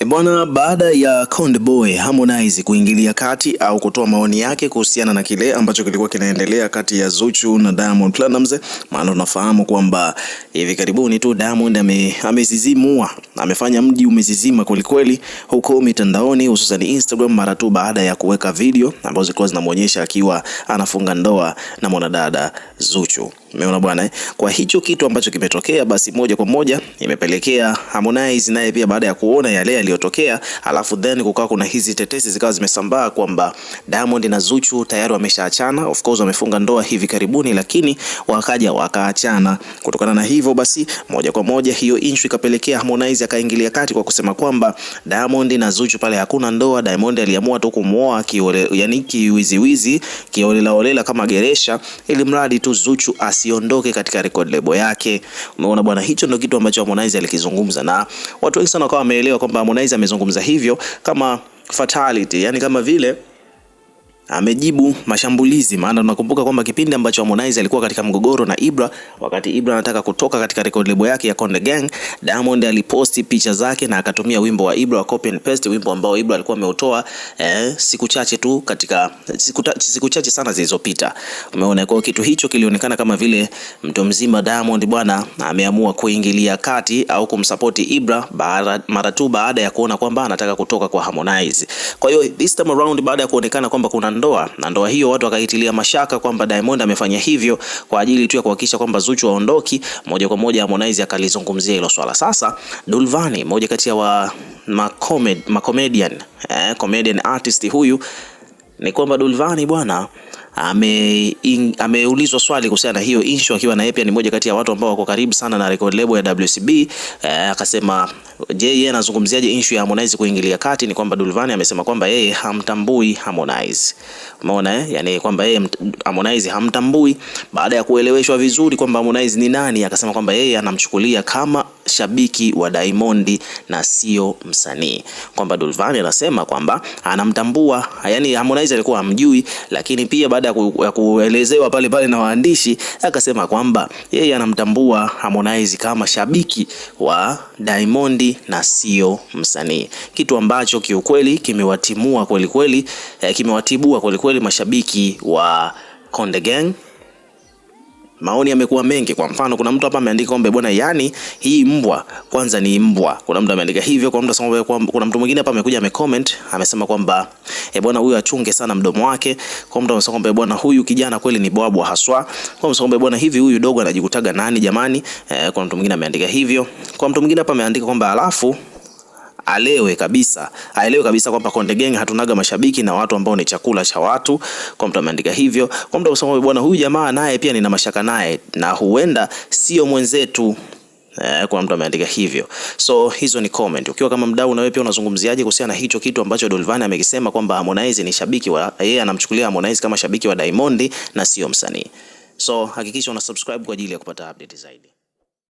E bwana, baada ya Konde Boy Harmonize kuingilia kati au kutoa maoni yake kuhusiana na kile ambacho kilikuwa kinaendelea kati ya Zuchu na Diamond Platnumz, maana unafahamu kwamba hivi karibuni tu Diamond amezizimua ame amefanya mji umezizima kwelikweli huko mitandaoni, hususan Instagram, mara tu baada ya kuweka video ambazo zilikuwa zinamuonyesha akiwa anafunga ndoa na mwanadada Zuchu. Umeona bwana eh? Kwa hicho kitu ambacho kimetokea, basi moja kwa moja imepelekea Harmonize naye pia baada ya kuona yale yaliyotokea, alafu then kukawa kuna hizi tetesi zikawa zimesambaa kwamba Diamond na Zuchu tayari wameshaachana. Of course wamefunga ndoa hivi karibuni, lakini wakaja wakaachana. Kutokana na hivyo basi, moja kwa moja hiyo inchu ikapelekea Harmonize akaingilia kati kwa kusema kwamba Diamond na Zuchu pale hakuna ndoa. Diamond aliamua tu kumwoa kiole, yani kiwiziwizi, kiolela olela kama geresha, ili mradi tu Zuchu asiondoke katika record label yake. Umeona bwana, hicho ndio kitu ambacho Harmonize alikizungumza, na watu wengi sana wakawa wameelewa kwamba Harmonize amezungumza hivyo kama fatality, yani kama vile amejibu mashambulizi, maana tunakumbuka kwamba kipindi ambacho Harmonize alikuwa katika mgogoro na Ibra, wakati Ibra anataka kutoka katika record label yake ya Konde Gang, Diamond aliposti picha zake na akatumia wimbo wa Ibra wa copy and paste, wimbo ambao Ibra alikuwa ameutoa eh, siku chache tu katika siku, ta, siku chache sana zilizopita. Umeona, kwa kitu hicho kilionekana kama vile mtu mzima Diamond bwana ameamua kuingilia kati au kumsupport Ibra mara tu baada ya kuona kwamba anataka kutoka kwa Harmonize. Kwa hiyo this time around, baada ya kuonekana kwamba kuna ndoa, na ndoa hiyo watu wakaitilia mashaka kwamba Diamond amefanya hivyo kwa ajili tu ya kuhakikisha kwamba Zuchu aondoki moja kwa moja. Harmonize akalizungumzia hilo swala. Sasa Dulvani, moja kati ya wa makomed, makomedian, eh, comedian artist huyu, ni kwamba Dulvani bwana ameulizwa ame swali kuhusiana na hiyo issue, akiwa naye pia ni moja kati ya watu ambao wako karibu sana na record label ya WCB. Eh, akasema e, je, yeye anazungumziaje issue ya Harmonize kuingilia kati? Ni kwamba Dulvani amesema kwamba yeye hamtambui Harmonize. Umeona eh? Yani kwamba yeye Harmonize hamtambui baada ya kueleweshwa vizuri kwamba Harmonize ni nani, akasema kwamba yeye anamchukulia kama shabiki wa Diamond na sio msanii, kwamba Dulvani anasema kwamba anamtambua, yani Harmonize alikuwa amjui lakini pia baada ya kuelezewa pale pale na waandishi akasema kwamba yeye anamtambua Harmonize kama shabiki wa Diamond na sio msanii, kitu ambacho kiukweli kimewatimua kweli kweli, eh, kimewatibua kweli kweli mashabiki wa Konde Gang Maoni yamekuwa mengi. Kwa mfano, kuna mtu hapa ameandika kwamba bwana, yani hii mbwa kwanza ni mbwa. Kuna mtu ameandika hivyo, kuna mtu kuna mtu mwingine hapa amekuja amecomment amesema kwamba eh, bwana huyu achunge sana mdomo wake. Kwa mtu amesema kwamba eh, bwana, huyu kijana kweli ni bwabwa haswa. Kwa mtu amesema eh, bwana, hivi huyu dogo anajikutaga nani jamani? Eh, kuna mtu mwingine ameandika hivyo. Kwa mtu mwingine hapa ameandika kwamba alafu alewe kabisa, aelewe kabisa kwamba Konde Gang hatunaga mashabiki na watu ambao ni chakula cha watu. Kwa mtu ameandika hivyo, kwa mtu amesema bwana, huyu jamaa naye pia nina mashaka naye na huenda sio mwenzetu. Eh, Kuna mtu ameandika hivyo. So hizo ni comment. Ukiwa kama mdau, na wewe pia unazungumziaje kuhusiana na hicho kitu ambacho Dolvani amekisema kwamba Harmonize ni shabiki wa yeye, anamchukulia Harmonize kama shabiki wa Diamond na sio msanii. So hakikisha una subscribe kwa ajili ya kupata update zaidi.